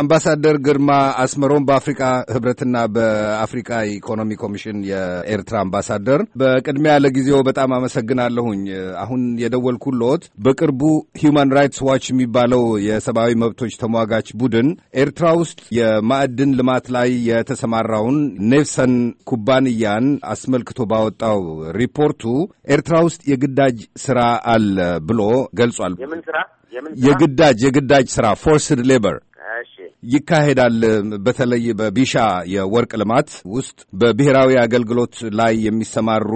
አምባሳደር ግርማ አስመሮም በአፍሪካ ህብረትና በአፍሪካ ኢኮኖሚ ኮሚሽን የኤርትራ አምባሳደር፣ በቅድሚያ ለጊዜው በጣም አመሰግናለሁኝ። አሁን የደወልኩልዎት በቅርቡ ሂውማን ራይትስ ዋች የሚባለው የሰብአዊ መብቶች ተሟጋች ቡድን ኤርትራ ውስጥ የማዕድን ልማት ላይ የተሰማራውን ኔፍሰን ኩባንያን አስመልክቶ ባወጣው ሪፖርቱ ኤርትራ ውስጥ የግዳጅ ስራ አለ ብሎ ገልጿል። የግዳጅ የግዳጅ ስራ ፎርስድ ሌበር ይካሄዳል። በተለይ በቢሻ የወርቅ ልማት ውስጥ በብሔራዊ አገልግሎት ላይ የሚሰማሩ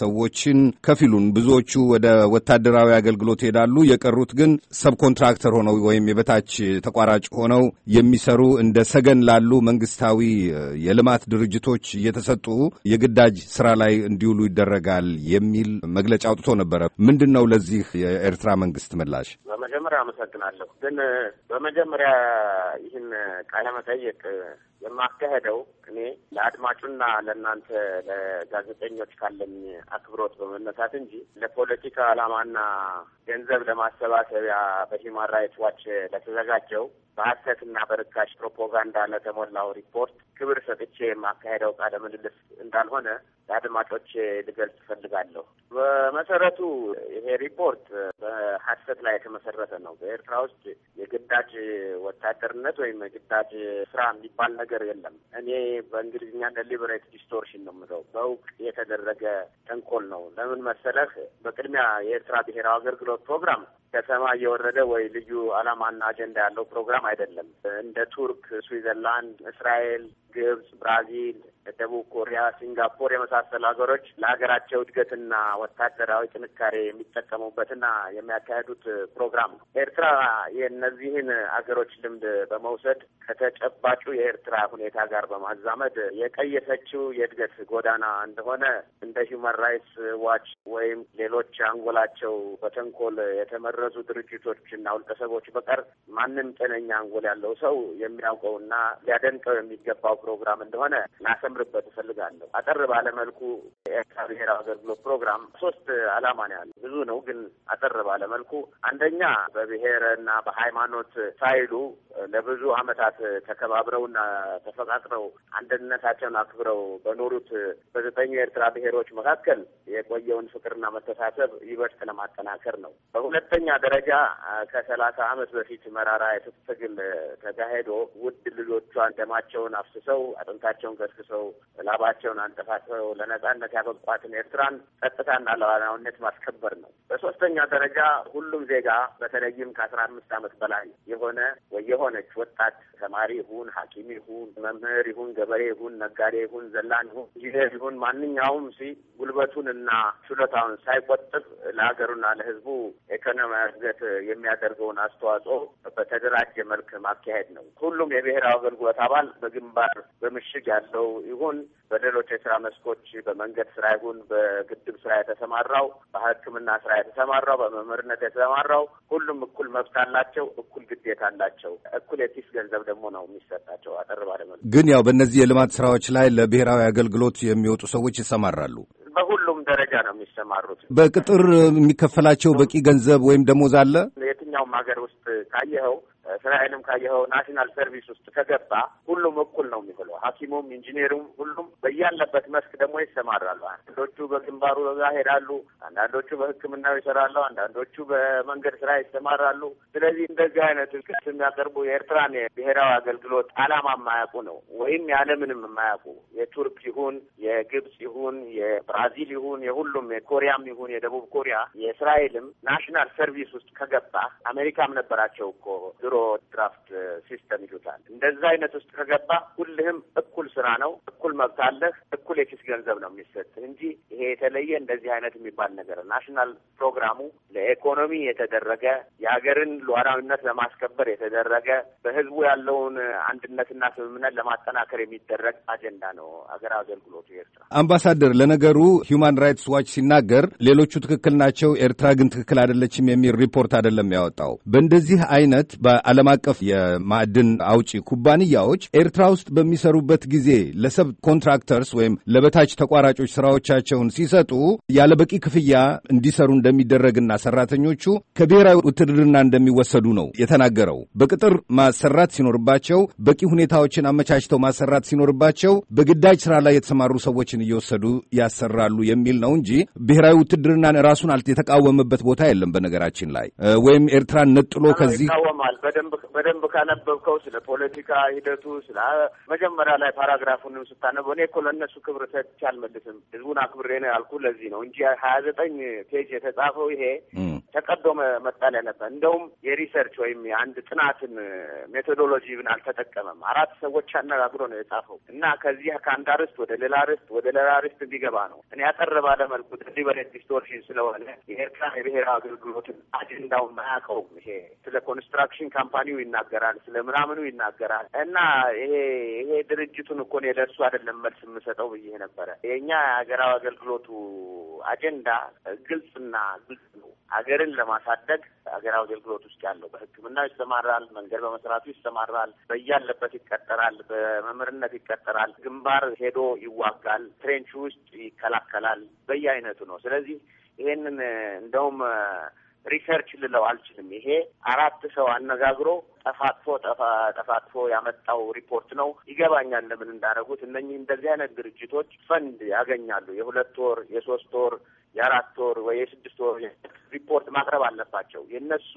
ሰዎችን ከፊሉን ብዙዎቹ ወደ ወታደራዊ አገልግሎት ይሄዳሉ። የቀሩት ግን ሰብ ኮንትራክተር ሆነው ወይም የበታች ተቋራጭ ሆነው የሚሰሩ እንደ ሰገን ላሉ መንግስታዊ የልማት ድርጅቶች እየተሰጡ የግዳጅ ስራ ላይ እንዲውሉ ይደረጋል የሚል መግለጫ አውጥቶ ነበረ። ምንድን ነው ለዚህ የኤርትራ መንግስት ምላሽ? በመጀመሪያ አመሰግናለሁ። ግን በመጀመሪያ ይህን ቃለ መጠየቅ የማካሄደው እኔ ለአድማጩና ለእናንተ ለጋዜጠኞች ካለኝ አክብሮት በመነሳት እንጂ ለፖለቲካ ዓላማና ገንዘብ ለማሰባሰቢያ በሂማን ራይትስ ዋች ለተዘጋጀው በሀሰትና በርካሽ ፕሮፓጋንዳ ለተሞላው ሪፖርት ክብር ሰጥቼ የማካሄደው ቃለ ምልልስ እንዳልሆነ ለአድማጮች ልገልጽ እፈልጋለሁ። በመሰረቱ ይሄ ሪፖርት በሀሰት ላይ የተመሰረተ ነው። በኤርትራ ውስጥ የግዳጅ ወታደርነት ወይም የግዳጅ ስራ የሚባል ነገር የለም። እኔ በእንግሊዝኛ ደሊበሬት ዲስቶርሽን ነው የምለው። በእውቅ የተደረገ ተንኮል ነው። ለምን መሰለህ? በቅድሚያ የኤርትራ ብሔራዊ አገልግሎት ፕሮግራም ከሰማይ የወረደ ወይ ልዩ አላማና አጀንዳ ያለው ፕሮግራም አይደለም። እንደ ቱርክ፣ ስዊዘርላንድ፣ እስራኤል፣ ግብጽ፣ ብራዚል ደቡብ ኮሪያ፣ ሲንጋፖር የመሳሰሉ ሀገሮች ለሀገራቸው እድገትና ወታደራዊ ጥንካሬ የሚጠቀሙበትና የሚያካሄዱት ፕሮግራም ነው። ኤርትራ የእነዚህን ሀገሮች ልምድ በመውሰድ ከተጨባጩ የኤርትራ ሁኔታ ጋር በማዛመድ የቀየሰችው የእድገት ጎዳና እንደሆነ እንደ ሂውማን ራይትስ ዋች ወይም ሌሎች አንጎላቸው በተንኮል የተመረዙ ድርጅቶችና ውልቀሰቦች በቀር ማንም ጤነኛ አንጎል ያለው ሰው የሚያውቀውና ሊያደንቀው የሚገባው ፕሮግራም እንደሆነ ላሰምርበት እፈልጋለሁ። አጠር መልኩ የኤርትራ ብሔራዊ አገልግሎት ፕሮግራም ሶስት አላማ ነው ያለው። ብዙ ነው ግን አጠር ባለመልኩ አንደኛ በብሔርና በሃይማኖት ሳይሉ ለብዙ አመታት ተከባብረውና ተፈቃቅረው አንድነታቸውን አክብረው በኖሩት በዘጠኙ የኤርትራ ብሔሮች መካከል የቆየውን ፍቅርና መተሳሰብ ይበልጥ ለማጠናከር ነው። በሁለተኛ ደረጃ ከሰላሳ ዓመት በፊት መራራ የትጥቅ ትግል ተካሄዶ ውድ ልጆቿን ደማቸውን አፍስሰው አጥንታቸውን ገስግሰው ላባቸውን አንጠፋጥፈው ለነጻነት ያበቋትን ኤርትራን ጸጥታና ሉዓላዊነት ማስከበር ነው። በሶስተኛ ደረጃ ሁሉም ዜጋ በተለይም ከአስራ አምስት ዓመት በላይ የሆነ ወይ የሆነች ወጣት ተማሪ ይሁን፣ ሐኪም ይሁን፣ መምህር ይሁን፣ ገበሬ ይሁን፣ ነጋዴ ይሁን፣ ዘላን ይሁን፣ ኢንጂነር ይሁን ማንኛውም ሲ ጉልበቱንና ችሎታውን ሳይቆጥብ ለሀገሩና ለሕዝቡ ኢኮኖሚ እድገት የሚያደርገውን አስተዋጽኦ በተደራጀ መልክ ማካሄድ ነው። ሁሉም የብሔራዊ አገልግሎት አባል በግንባር በምሽግ ያለው ይሁን በሌሎች የስራ መስኮች በመንገድ ስራ ይሁን በግድብ ስራ የተሰማራው፣ በሕክምና ስራ የተሰማራው፣ በመምህርነት የተሰማራው ሁሉም እኩል መብት አላቸው፣ እኩል ግዴታ አላቸው። እኩል የፊስ ገንዘብ ደግሞ ነው የሚሰጣቸው። አጠር ባለመ ግን ያው በእነዚህ የልማት ስራዎች ላይ ለብሔራዊ አገልግሎት የሚወጡ ሰዎች ይሰማራሉ። በሁሉም ደረጃ ነው የሚሰማሩት። በቅጥር የሚከፈላቸው በቂ ገንዘብ ወይም ደሞዝ አለ። የትኛውም ሀገር ውስጥ ካየኸው እስራኤልም ካየኸው ናሽናል ሰርቪስ ውስጥ ከገባ ሁሉም እኩል ነው የሚብለው። ሐኪሙም ኢንጂኒሩም ሁሉም በያለበት መስክ ደግሞ ይሰማራሉ። አንዳንዶቹ በግንባሩ ዛ ሄዳሉ፣ አንዳንዶቹ በሕክምናው ይሰራሉ፣ አንዳንዶቹ በመንገድ ስራ ይሰማራሉ። ስለዚህ እንደዚህ አይነት ክስ የሚያቀርቡ የኤርትራን የብሔራዊ አገልግሎት አላማ የማያውቁ ነው ወይም ያለምንም የማያውቁ የቱርክ ይሁን የግብጽ ይሁን የብራዚል ይሁን የሁሉም የኮሪያም ይሁን የደቡብ ኮሪያ የእስራኤልም ናሽናል ሰርቪስ ውስጥ ከገባ አሜሪካም ነበራቸው እኮ ድሮ ሾርት ድራፍት ሲስተም ይሉታል። እንደዛ አይነት ውስጥ ከገባ ሁልህም እኩል ስራ ነው፣ እኩል መብት አለህ፣ እኩል የኪስ ገንዘብ ነው የሚሰጥህ እንጂ ይሄ የተለየ እንደዚህ አይነት የሚባል ነገር ናሽናል ፕሮግራሙ ለኢኮኖሚ የተደረገ የሀገርን ሉዓላዊነት ለማስከበር የተደረገ በህዝቡ ያለውን አንድነትና ስምምነት ለማጠናከር የሚደረግ አጀንዳ ነው ሀገር አገልግሎቱ ኤርትራ። አምባሳደር፣ ለነገሩ ሂውማን ራይትስ ዋች ሲናገር ሌሎቹ ትክክል ናቸው፣ ኤርትራ ግን ትክክል አይደለችም የሚል ሪፖርት አይደለም ያወጣው። በእንደዚህ አይነት በዓለም ዓለም አቀፍ የማዕድን አውጪ ኩባንያዎች ኤርትራ ውስጥ በሚሰሩበት ጊዜ ለሰብ ኮንትራክተርስ ወይም ለበታች ተቋራጮች ስራዎቻቸውን ሲሰጡ ያለ በቂ ክፍያ እንዲሰሩ እንደሚደረግና ሰራተኞቹ ከብሔራዊ ውትድርና እንደሚወሰዱ ነው የተናገረው። በቅጥር ማሰራት ሲኖርባቸው፣ በቂ ሁኔታዎችን አመቻችተው ማሰራት ሲኖርባቸው በግዳጅ ስራ ላይ የተሰማሩ ሰዎችን እየወሰዱ ያሰራሉ የሚል ነው እንጂ ብሔራዊ ውትድርናን ራሱን የተቃወመበት ቦታ የለም። በነገራችን ላይ ወይም ኤርትራን ነጥሎ ከዚህ በደንብ በደንብ ካነበብከው ስለ ፖለቲካ ሂደቱ ስለ መጀመሪያ ላይ ፓራግራፉንም ስታነበው እኔ እኮ ለእነሱ ክብር ሰጥቼ አልመልስም ህዝቡን አክብሬ ነው ያልኩ ለዚህ ነው እንጂ ሀያ ዘጠኝ ፔጅ የተጻፈው ይሄ ተቀዶ መጣሊያ ነበር። እንደውም የሪሰርች ወይም የአንድ ጥናትን ሜቶዶሎጂ ብን አልተጠቀመም። አራት ሰዎች አነጋግሮ ነው የጻፈው እና ከዚህ ከአንድ አርዕስት ወደ ሌላ አርዕስት ወደ ሌላ አርዕስት እንዲገባ ነው። እኔ ያጠር ባለ መልኩ ዲስቶርሽን ስለሆነ የኤርትራ የብሔራዊ አገልግሎትን አጀንዳውን አያውቀውም። ይሄ ስለ ኮንስትራክሽን ካምፓ ካምፓኒው ይናገራል፣ ስለ ምናምኑ ይናገራል እና ይሄ ይሄ ድርጅቱን እኮ እኔ ለእሱ አይደለም መልስ የምሰጠው ብዬ ነበረ። የእኛ የሀገራዊ አገልግሎቱ አጀንዳ ግልጽና ግልጽ ነው። ሀገርን ለማሳደግ ሀገራዊ አገልግሎት ውስጥ ያለው በሕክምና ይሰማራል፣ መንገድ በመስራቱ ይሰማራል፣ በያለበት ይቀጠራል፣ በመምህርነት ይቀጠራል፣ ግንባር ሄዶ ይዋጋል፣ ትሬንች ውስጥ ይከላከላል፣ በየአይነቱ ነው። ስለዚህ ይሄንን እንደውም ሪሰርች ልለው አልችልም። ይሄ አራት ሰው አነጋግሮ ጠፋጥፎ ጠፋጥፎ ያመጣው ሪፖርት ነው። ይገባኛል ለምን እንዳደረጉት። እነኚህ እንደዚህ አይነት ድርጅቶች ፈንድ ያገኛሉ። የሁለት ወር የሶስት ወር የአራት ወር ወይ የስድስት ወር ሪፖርት ማቅረብ አለባቸው። የእነሱ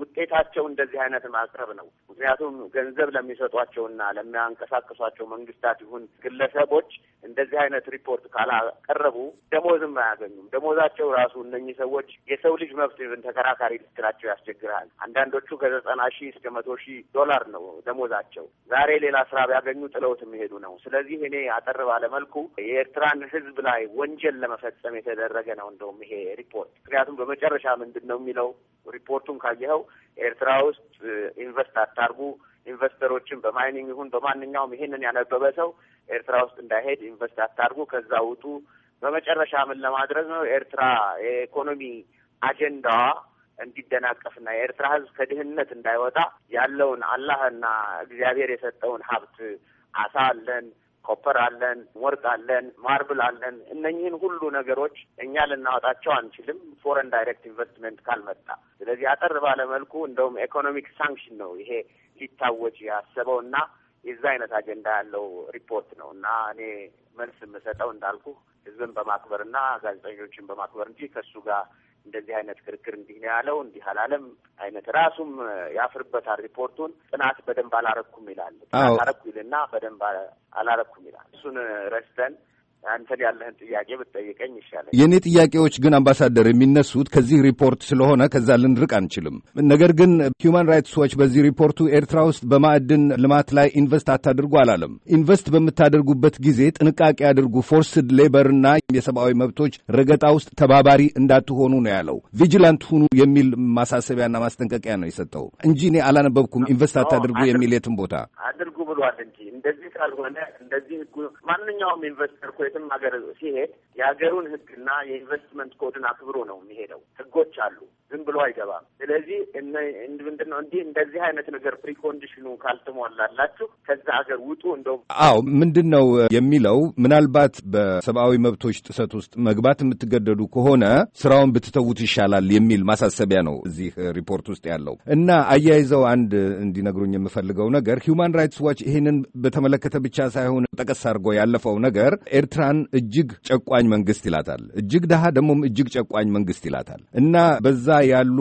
ውጤታቸው እንደዚህ አይነት ማቅረብ ነው። ምክንያቱም ገንዘብ ለሚሰጧቸውና ለሚያንቀሳቀሷቸው መንግስታት ይሁን ግለሰቦች እንደዚህ አይነት ሪፖርት ካላቀረቡ ደሞዝም አያገኙም። ደሞዛቸው ራሱ እነኚህ ሰዎች የሰው ልጅ መብት ተከራካሪ ልትላቸው ያስቸግራል። አንዳንዶቹ ከዘጠና ሺህ እስከ መቶ ሺህ ዶላር ነው ደሞዛቸው። ዛሬ ሌላ ስራ ቢያገኙ ጥለውት የሚሄዱ ነው። ስለዚህ እኔ አጠር ባለ መልኩ የኤርትራን ህዝብ ላይ ወንጀል ለመፈጸም የተደረገ ነው እንደውም ይሄ ሪፖርት ምክንያቱም በመጨረ መጨረሻ ምንድን ነው የሚለው ሪፖርቱን ካየኸው ኤርትራ ውስጥ eh, ኢንቨስት አታርጉ፣ ኢንቨስተሮችን በማይኒንግ ይሁን በማንኛውም ይሄንን ያነበበ ሰው ኤርትራ ውስጥ እንዳይሄድ ኢንቨስት አታርጉ፣ ከዛ ውጡ። በመጨረሻ ምን ለማድረግ ነው ኤርትራ የኢኮኖሚ አጀንዳዋ እንዲደናቀፍና የኤርትራ ሕዝብ ከድህነት እንዳይወጣ ያለውን አላህና እግዚአብሔር የሰጠውን ሀብት አሳ አለን ኮፐር አለን፣ ወርቅ አለን፣ ማርብል አለን። እነኝህን ሁሉ ነገሮች እኛ ልናወጣቸው አንችልም ፎረን ዳይሬክት ኢንቨስትመንት ካልመጣ። ስለዚህ አጠር ባለ መልኩ እንደውም ኢኮኖሚክ ሳንክሽን ነው ይሄ ሊታወጅ ያሰበው እና የዛ አይነት አጀንዳ ያለው ሪፖርት ነው እና እኔ መልስ የምሰጠው እንዳልኩ ህዝብን በማክበር እና ጋዜጠኞችን በማክበር እንጂ ከእሱ ጋር እንደዚህ አይነት ክርክር እንዲህ ነው ያለው እንዲህ አላለም አይነት ራሱም ያፍርበታል። ሪፖርቱን ጥናት በደንብ አላረኩም ይላል። ጥናት አረኩ ይልና በደንብ አላረኩም ይላል። እሱን ረስተን አንተን ያለህን ጥያቄ ብትጠይቀኝ ይሻላል። የእኔ ጥያቄዎች ግን አምባሳደር የሚነሱት ከዚህ ሪፖርት ስለሆነ ከዛ ልንርቅ አንችልም። ነገር ግን ሂውማን ራይትስ ዎች በዚህ ሪፖርቱ ኤርትራ ውስጥ በማዕድን ልማት ላይ ኢንቨስት አታድርጉ አላለም። ኢንቨስት በምታደርጉበት ጊዜ ጥንቃቄ አድርጉ፣ ፎርስድ ሌበርና የሰብአዊ መብቶች ረገጣ ውስጥ ተባባሪ እንዳትሆኑ ነው ያለው። ቪጂላንት ሁኑ የሚል ማሳሰቢያና ማስጠንቀቂያ ነው የሰጠው እንጂ እኔ አላነበብኩም ኢንቨስት አታድርጉ የሚል የትም ቦታ ብሏል እንጂ እንደዚህ ካልሆነ እንደዚህ ህጉ ማንኛውም ኢንቨስተር እኮ የትም ሀገር ሲሄድ የሀገሩን ህግና የኢንቨስትመንት ኮድን አክብሮ ነው የሚሄደው። ህጎች አሉ። ዝም ብሎ አይገባም። ስለዚህ ምንድን ነው እንዲህ እንደዚህ አይነት ነገር ፕሪኮንዲሽኑ ካልተሟላላችሁ ከዛ ሀገር ውጡ። እንደው አዎ ምንድን ነው የሚለው ምናልባት በሰብአዊ መብቶች ጥሰት ውስጥ መግባት የምትገደዱ ከሆነ ስራውን ብትተውት ይሻላል የሚል ማሳሰቢያ ነው እዚህ ሪፖርት ውስጥ ያለው እና አያይዘው አንድ እንዲነግሩኝ የምፈልገው ነገር ሂውማን ራይትስ ዋች ይህንን በተመለከተ ብቻ ሳይሆን ጠቀስ አድርጎ ያለፈው ነገር ኤርትራን እጅግ ጨቋኝ መንግስት ይላታል። እጅግ ድሃ ደግሞም እጅግ ጨቋኝ መንግስት ይላታል እና በዛ ያሉ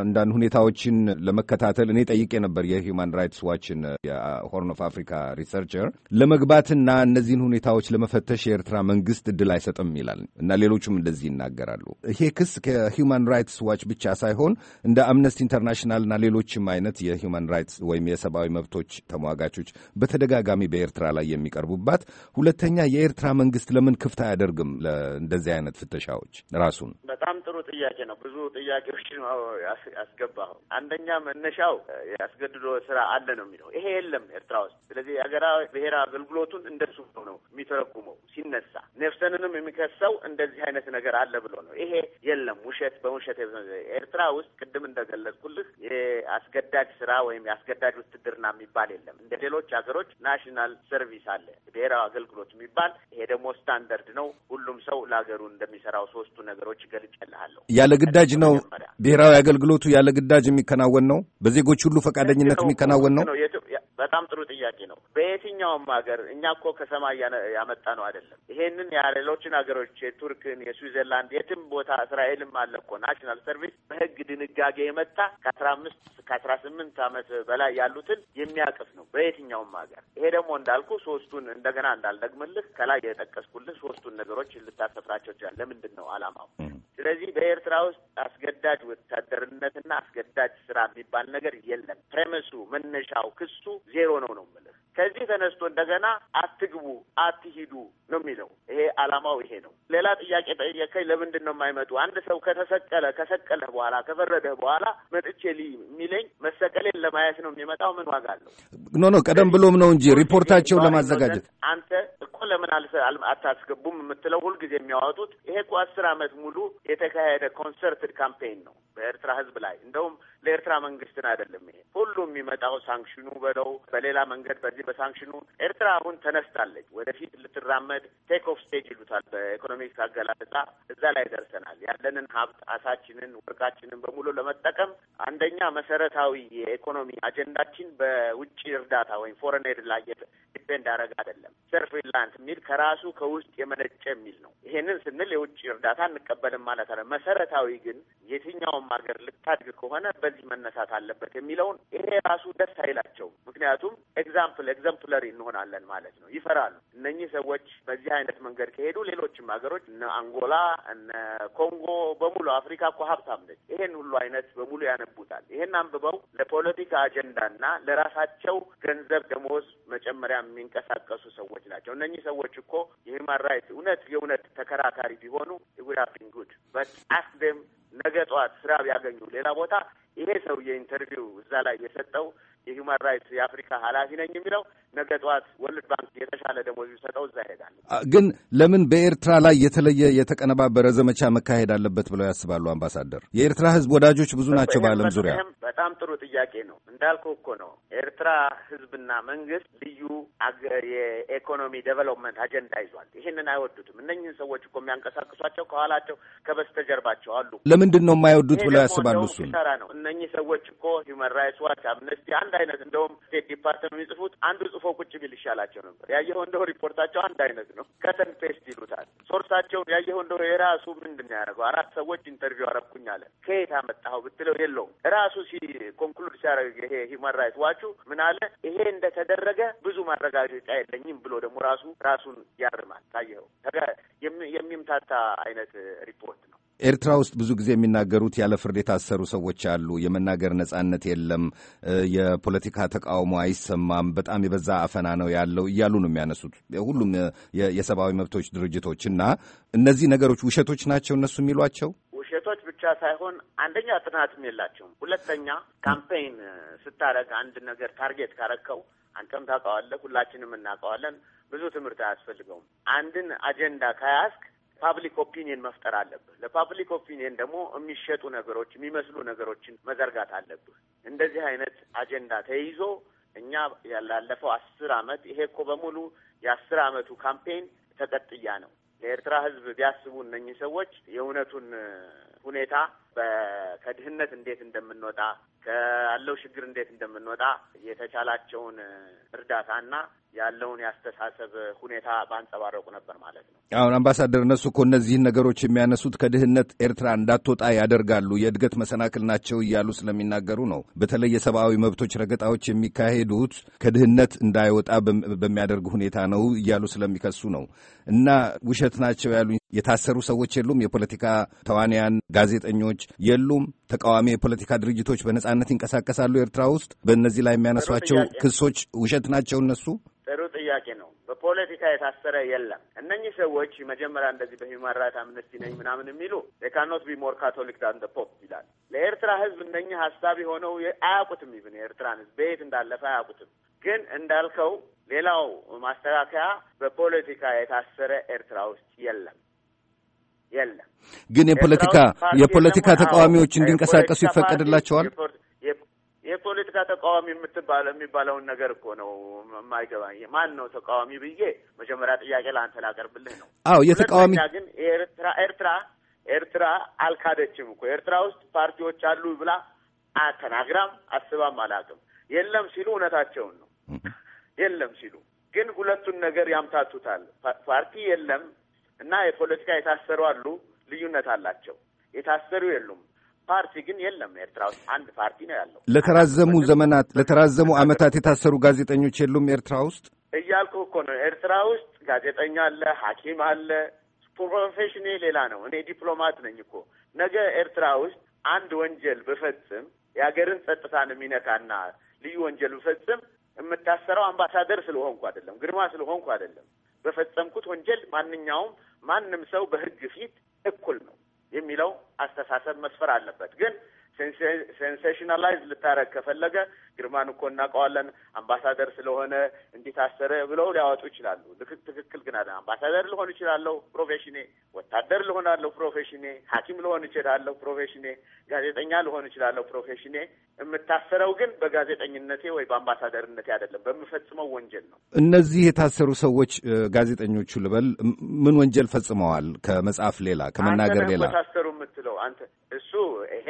አንዳንድ ሁኔታዎችን ለመከታተል እኔ ጠይቄ ነበር የሂውማን ራይትስ ዋችን የሆርን ኦፍ አፍሪካ ሪሰርቸር ለመግባትና እነዚህን ሁኔታዎች ለመፈተሽ የኤርትራ መንግስት እድል አይሰጥም ይላል እና ሌሎቹም እንደዚህ ይናገራሉ። ይሄ ክስ ከሂውማን ራይትስ ዋች ብቻ ሳይሆን እንደ አምነስቲ ኢንተርናሽናልና ሌሎችም አይነት የሂውማን ራይትስ ወይም የሰብአዊ መብቶች ተሟጋቾች በተደጋጋሚ በኤርትራ ላይ የሚቀርቡባት ሁለተኛ የኤርትራ መንግስት ለምን ክፍት አያደርግም ለእንደዚህ አይነት ፍተሻዎች ራሱን በጣም ጥሩ ጥያቄ ነው ብዙ ጥያቄ ነገሮች ነው አንደኛ መነሻው ያስገድዶ ስራ አለ ነው የሚለው ይሄ የለም ኤርትራ ውስጥ። ስለዚህ የሀገራ ብሔራዊ አገልግሎቱን እንደሱ ነው የሚተረጉመው ሲነሳ። ነፍሰንንም የሚከሰው እንደዚህ አይነት ነገር አለ ብሎ ነው። ይሄ የለም ውሸት በውሸት ኤርትራ ውስጥ ቅድም እንደገለጽኩልህ የአስገዳጅ ስራ ወይም የአስገዳጅ ውትድርና የሚባል የለም። እንደ ሌሎች ሀገሮች ናሽናል ሰርቪስ አለ ብሔራዊ አገልግሎት የሚባል ይሄ ደግሞ ስታንዳርድ ነው። ሁሉም ሰው ለሀገሩ እንደሚሰራው ሶስቱ ነገሮች ገልጬልሃለሁ። ያለ ግዳጅ ነው ብሔራዊ አገልግሎቱ ያለ ግዳጅ የሚከናወን ነው። በዜጎች ሁሉ ፈቃደኝነት የሚከናወን ነው። በጣም ጥሩ ጥያቄ ነው። በየትኛውም ሀገር እኛ እኮ ከሰማይ ያመጣ ነው አይደለም። ይሄንን የሌሎችን ሀገሮች የቱርክን፣ የስዊዘርላንድ የትም ቦታ እስራኤልም አለ እኮ ናሽናል ሰርቪስ በህግ ድንጋጌ የመጣ ከአስራ አምስት ከአስራ ስምንት አመት በላይ ያሉትን የሚያቅፍ ነው በየትኛውም ሀገር። ይሄ ደግሞ እንዳልኩ ሶስቱን እንደገና እንዳልደግምልህ ከላይ የጠቀስኩልህ ሶስቱን ነገሮች ልታሰፍራቸው ይችላል። ለምንድን ነው አላማው? ስለዚህ በኤርትራ ውስጥ አስገዳጅ ወታደርነትና አስገዳጅ ስራ የሚባል ነገር የለም። ፕሬምሱ መነሻው ክሱ ዜሮ ነው ነው የምልህ። ከዚህ ተነስቶ እንደገና አትግቡ፣ አትሂዱ ነው የሚለው። ይሄ አላማው ይሄ ነው። ሌላ ጥያቄ ጠየቀኝ። ለምንድን ነው የማይመጡ? አንድ ሰው ከተሰቀለ ከሰቀለህ በኋላ ከፈረደህ በኋላ መጥቼ ልይ የሚለኝ መሰቀሌን ለማየት ነው የሚመጣው። ምን ዋጋ አለው? ኖ ኖ፣ ቀደም ብሎም ነው እንጂ ሪፖርታቸውን ለማዘጋጀት አንተ እኮ ለምን አታስገቡም የምትለው ሁልጊዜ የሚያወጡት ይሄ እኮ አስር አመት ሙሉ የተካሄደ ኮንሰርትድ ካምፔን ነው በኤርትራ ህዝብ ላይ እንደውም በኤርትራ መንግስት አይደለም። ይሄ ሁሉ የሚመጣው ሳንክሽኑ በለው በሌላ መንገድ በዚህ በሳንክሽኑ ኤርትራ አሁን ተነስታለች፣ ወደፊት ልትራመድ ቴክ ኦፍ ስቴጅ ይሉታል በኢኮኖሚክስ አገላለጻ። እዛ ላይ ደርሰናል። ያለንን ሀብት አሳችንን፣ ወርቃችንን በሙሉ ለመጠቀም አንደኛ መሰረታዊ የኢኮኖሚ አጀንዳችን በውጭ እርዳታ ወይም ፎረን ኤድ ላይ ዲፔንድ አደረግ አይደለም። ሰልፍ ሪላያንስ የሚል ከራሱ ከውስጥ የመነጨ የሚል ነው። ይሄንን ስንል የውጭ እርዳታ እንቀበልም ማለት አለ። መሰረታዊ ግን የትኛውም ሀገር ልታድግ ከሆነ በዚህ ከዚህ መነሳት አለበት የሚለውን ይሄ ራሱ ደስ አይላቸው። ምክንያቱም ኤግዛምፕል ኤግዘምፕለሪ እንሆናለን ማለት ነው። ይፈራሉ። እነኚህ ሰዎች በዚህ አይነት መንገድ ከሄዱ ሌሎችም ሀገሮች እነ አንጎላ፣ እነ ኮንጎ በሙሉ አፍሪካ እኮ ሀብታም ነች። ይሄን ሁሉ አይነት በሙሉ ያነቡታል። ይሄን አንብበው ለፖለቲካ አጀንዳና ለራሳቸው ገንዘብ ደሞዝ መጨመሪያ የሚንቀሳቀሱ ሰዎች ናቸው። እነኚህ ሰዎች እኮ የሂውማን ራይት እውነት የእውነት ተከራካሪ ቢሆኑ ጉድ በት አስክ ደም ነገ ጠዋት ስራ ቢያገኙ ሌላ ቦታ ይሄ ሰውዬ ኢንተርቪው እዛ ላይ የሰጠው የሁማን ራይትስ የአፍሪካ ኃላፊ ነኝ የሚለው ነገ ጠዋት ወርልድ ባንክ የተሻለ ደሞዝ ቢሰጠው እዛ ይሄዳል። ግን ለምን በኤርትራ ላይ የተለየ የተቀነባበረ ዘመቻ መካሄድ አለበት ብለው ያስባሉ አምባሳደር? የኤርትራ ህዝብ ወዳጆች ብዙ ናቸው በዓለም ዙሪያ። በጣም ጥሩ ጥያቄ ነው። እንዳልከው እኮ ነው ኤርትራ ህዝብና መንግስት ልዩ የኢኮኖሚ ዴቨሎፕመንት አጀንዳ ይዟል። ይህንን አይወዱትም። እነኝህን ሰዎች እኮ የሚያንቀሳቅሷቸው ከኋላቸው ከበስተጀርባቸው አሉ። ለምንድን ነው የማይወዱት ብለው ያስባሉ? እሱ ነው እነኚህ ሰዎች እኮ ሂውማን ራይትስ ዋች፣ አምነስቲ አንድ አይነት እንደውም ስቴት ዲፓርትመንት የሚጽፉት አንዱ ጽፎ ቁጭ ቢል ይሻላቸው ነበር። ያየኸው እንደው ሪፖርታቸው አንድ አይነት ነው። ከተን ፔስት ይሉታል። ሶርሳቸውን ያየኸው እንደው የራሱ ምንድን ነው ያደረገው? አራት ሰዎች ኢንተርቪው አረኩኝ አለ። ከየት አመጣኸው ብትለው የለውም። ራሱ ኮንክሉድ ሲያደርግ ይሄ ሂውማን ራይትስ ዋቹ ምን አለ? ይሄ እንደተደረገ ብዙ ማረጋገጫ የለኝም ብሎ ደግሞ ራሱ ራሱን ያርማል። ታየኸው የሚምታታ አይነት ሪፖርት ነው። ኤርትራ ውስጥ ብዙ ጊዜ የሚናገሩት ያለ ፍርድ የታሰሩ ሰዎች አሉ፣ የመናገር ነጻነት የለም፣ የፖለቲካ ተቃውሞ አይሰማም፣ በጣም የበዛ አፈና ነው ያለው እያሉ ነው የሚያነሱት ሁሉም የሰብአዊ መብቶች ድርጅቶች። እና እነዚህ ነገሮች ውሸቶች ናቸው እነሱ የሚሏቸው ውሸቶች ብቻ ሳይሆን አንደኛ ጥናትም የላቸውም፣ ሁለተኛ ካምፔይን ስታረግ አንድ ነገር ታርጌት ካረከው አንተም ታውቀዋለህ፣ ሁላችንም እናውቀዋለን። ብዙ ትምህርት አያስፈልገውም። አንድን አጀንዳ ከያዝክ ፓብሊክ ኦፒኒየን መፍጠር አለብህ። ለፓብሊክ ኦፒኒየን ደግሞ የሚሸጡ ነገሮች፣ የሚመስሉ ነገሮችን መዘርጋት አለብህ። እንደዚህ አይነት አጀንዳ ተይዞ እኛ ያላለፈው አስር አመት ይሄ እኮ በሙሉ የአስር አመቱ ካምፔን ተቀጥያ ነው። የኤርትራ ህዝብ ቢያስቡ እነኚህ ሰዎች የእውነቱን ሁኔታ ከድህነት እንዴት እንደምንወጣ ከያለው ችግር እንዴት እንደምንወጣ የተቻላቸውን እርዳታና ያለውን ያስተሳሰብ ሁኔታ ባንጸባረቁ ነበር ማለት ነው። አሁን አምባሳደር፣ እነሱ እኮ እነዚህን ነገሮች የሚያነሱት ከድህነት ኤርትራ እንዳትወጣ ያደርጋሉ የእድገት መሰናክል ናቸው እያሉ ስለሚናገሩ ነው። በተለይ የሰብአዊ መብቶች ረገጣዎች የሚካሄዱት ከድህነት እንዳይወጣ በሚያደርግ ሁኔታ ነው እያሉ ስለሚከሱ ነው። እና ውሸት ናቸው ያሉ የታሰሩ ሰዎች የሉም? የፖለቲካ ተዋንያን፣ ጋዜጠኞች የሉም? ተቃዋሚ የፖለቲካ ድርጅቶች በነጻነት ይንቀሳቀሳሉ ኤርትራ ውስጥ? በእነዚህ ላይ የሚያነሷቸው ክሶች ውሸት ናቸው እነሱ? ጥሩ ጥያቄ ነው። በፖለቲካ የታሰረ የለም። እነኚህ ሰዎች መጀመሪያ እንደዚህ በሂውማን ራይት አምነስቲ ነኝ ምናምን የሚሉ ካኖት ቢ ሞር ካቶሊክ ዳን ደ ፖፕ ይላል። ለኤርትራ ህዝብ እነኚህ ሀሳቢ ሆነው አያውቁትም። ይብን የኤርትራን ህዝብ በየት እንዳለፈ አያውቁትም። ግን እንዳልከው ሌላው ማስተካከያ በፖለቲካ የታሰረ ኤርትራ ውስጥ የለም። የለም። ግን የፖለቲካ የፖለቲካ ተቃዋሚዎች እንዲንቀሳቀሱ ይፈቀድላቸዋል። የፖለቲካ ተቃዋሚ የምትባለ የሚባለውን ነገር እኮ ነው የማይገባኝ። ማን ነው ተቃዋሚ ብዬ መጀመሪያ ጥያቄ ለአንተ ላቀርብልህ ነው። አዎ የተቃዋሚ ግን ኤርትራ ኤርትራ ኤርትራ አልካደችም እኮ ኤርትራ ውስጥ ፓርቲዎች አሉ ብላ አተናግራም አስባም አላውቅም። የለም ሲሉ እውነታቸውን ነው። የለም ሲሉ ግን ሁለቱን ነገር ያምታቱታል። ፓርቲ የለም እና የፖለቲካ የታሰሩ አሉ። ልዩነት አላቸው። የታሰሩ የሉም። ፓርቲ ግን የለም። ኤርትራ ውስጥ አንድ ፓርቲ ነው ያለው። ለተራዘሙ ዘመናት ለተራዘሙ ዓመታት የታሰሩ ጋዜጠኞች የሉም ኤርትራ ውስጥ እያልኩ እኮ ነው። ኤርትራ ውስጥ ጋዜጠኛ አለ፣ ሐኪም አለ። ፕሮፌሽኔ ሌላ ነው። እኔ ዲፕሎማት ነኝ እኮ። ነገ ኤርትራ ውስጥ አንድ ወንጀል ብፈጽም የሀገርን ጸጥታን የሚነካና ልዩ ወንጀል ብፈጽም የምታሰረው አምባሳደር ስለሆንኩ አይደለም፣ ግርማ ስለሆንኩ አይደለም። በፈጸምኩት ወንጀል ማንኛውም ማንም ሰው በህግ ፊት እኩል ነው የሚለው አስተሳሰብ መስፈር አለበት። ግን ሴንሴሽናላይዝ ልታረግ ከፈለገ ግርማን እኮ እናውቀዋለን፣ አምባሳደር ስለሆነ እንዲታሰረ ብለው ሊያወጡ ይችላሉ። ትክክል ግን አለ አምባሳደር ልሆን እችላለሁ ፕሮፌሽኔ፣ ወታደር ልሆናለሁ ፕሮፌሽኔ፣ ሐኪም ልሆን እችላለሁ ፕሮፌሽኔ፣ ጋዜጠኛ ልሆን እችላለሁ ፕሮፌሽኔ። የምታሰረው ግን በጋዜጠኝነቴ ወይ በአምባሳደርነቴ አይደለም፣ በምፈጽመው ወንጀል ነው። እነዚህ የታሰሩ ሰዎች ጋዜጠኞቹ ልበል ምን ወንጀል ፈጽመዋል? ከመጽሐፍ ሌላ ከመናገር ሌላ ታሰሩ የምትለው አንተ እሱ ይሄ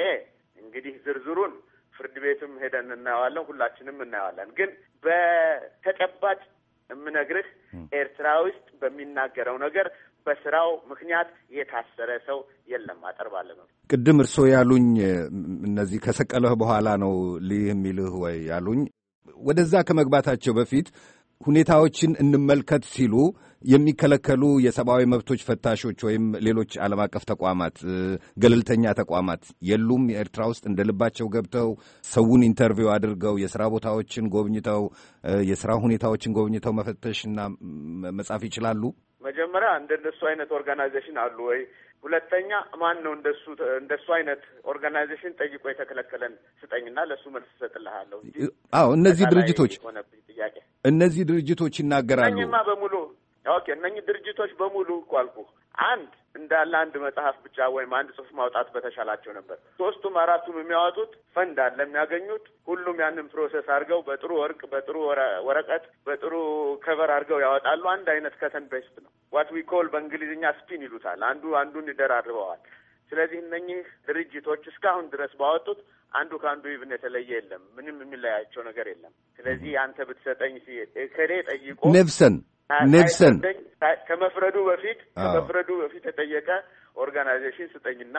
እንግዲህ ዝርዝሩን ፍርድ ቤትም ሄደን እናየዋለን፣ ሁላችንም እናየዋለን። ግን በተጨባጭ የምነግርህ ኤርትራ ውስጥ በሚናገረው ነገር በስራው ምክንያት የታሰረ ሰው የለም። አጠርባለሁ ነው ቅድም እርስዎ ያሉኝ እነዚህ ከሰቀለህ በኋላ ነው ልይህ የሚልህ ወይ ያሉኝ፣ ወደዛ ከመግባታቸው በፊት ሁኔታዎችን እንመልከት ሲሉ የሚከለከሉ የሰብአዊ መብቶች ፈታሾች ወይም ሌሎች ዓለም አቀፍ ተቋማት፣ ገለልተኛ ተቋማት የሉም? የኤርትራ ውስጥ እንደ ልባቸው ገብተው ሰውን ኢንተርቪው አድርገው የስራ ቦታዎችን ጎብኝተው የስራ ሁኔታዎችን ጎብኝተው መፈተሽና መጻፍ ይችላሉ? መጀመሪያ እንደነሱ አይነት ኦርጋናይዜሽን አሉ ወይ? ሁለተኛ ማን ነው እንደሱ እንደሱ አይነት ኦርጋናይዜሽን ጠይቆ የተከለከለን ስጠኝና ለእሱ መልስ እሰጥልሃለሁ። አዎ እነዚህ ድርጅቶች እነዚህ ድርጅቶች ይናገራሉ። እኔማ በሙሉ ኦኬ እነኚህ ድርጅቶች በሙሉ እኮ አንድ እንዳለ አንድ መጽሐፍ ብቻ ወይም አንድ ጽሑፍ ማውጣት በተሻላቸው ነበር። ሶስቱም አራቱም የሚያወጡት ፈንድ አለ የሚያገኙት። ሁሉም ያንን ፕሮሰስ አድርገው በጥሩ ወርቅ፣ በጥሩ ወረቀት፣ በጥሩ ከቨር አድርገው ያወጣሉ። አንድ አይነት ከተን ቤስት ነው። ዋት ዊ ኮል በእንግሊዝኛ ስፒን ይሉታል። አንዱ አንዱን ይደራርበዋል። ስለዚህ እነኚህ ድርጅቶች እስካሁን ድረስ ባወጡት አንዱ ከአንዱ ይብን የተለየ የለም። ምንም የሚለያቸው ነገር የለም። ስለዚህ አንተ ብትሰጠኝ ከሌ ጠይቆ ነብሰን ኔልሰን ከመፍረዱ በፊት ከመፍረዱ በፊት የጠየቀ ኦርጋናይዜሽን ስጠኝና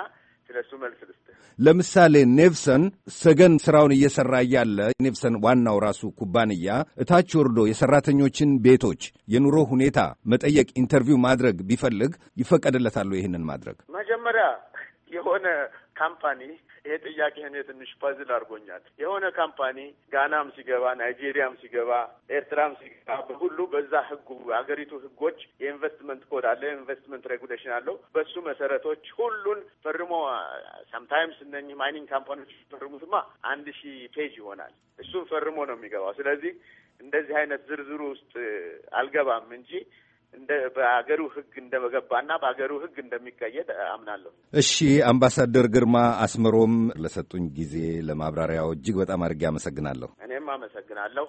ስለሱ መልስ ልስጥ። ለምሳሌ ኔቭሰን ሰገን ስራውን እየሰራ እያለ ኔቭሰን ዋናው ራሱ ኩባንያ እታች ወርዶ የሰራተኞችን ቤቶች፣ የኑሮ ሁኔታ መጠየቅ፣ ኢንተርቪው ማድረግ ቢፈልግ ይፈቀድለታሉ? ይህንን ማድረግ መጀመሪያ የሆነ ካምፓኒ ይሄ ጥያቄ እኔ ትንሽ ፐዝል አድርጎኛል። የሆነ ካምፓኒ ጋናም ሲገባ፣ ናይጄሪያም ሲገባ፣ ኤርትራም ሲገባ በሁሉ በዛ ህጉ ሀገሪቱ ህጎች የኢንቨስትመንት ኮድ አለ፣ የኢንቨስትመንት ሬጉሌሽን አለው። በሱ መሰረቶች ሁሉን ፈርሞ ሰምታይምስ እነኚህ ማይኒንግ ካምፓኒዎች ፈርሙትማ አንድ ሺህ ፔጅ ይሆናል። እሱን ፈርሞ ነው የሚገባው። ስለዚህ እንደዚህ አይነት ዝርዝሩ ውስጥ አልገባም እንጂ እንደ በሀገሩ ህግ እንደገባና በሀገሩ ህግ እንደሚቀየድ አምናለሁ። እሺ አምባሳደር ግርማ አስመሮም ለሰጡኝ ጊዜ ለማብራሪያው እጅግ በጣም አድርጌ አመሰግናለሁ። እኔም አመሰግናለሁ።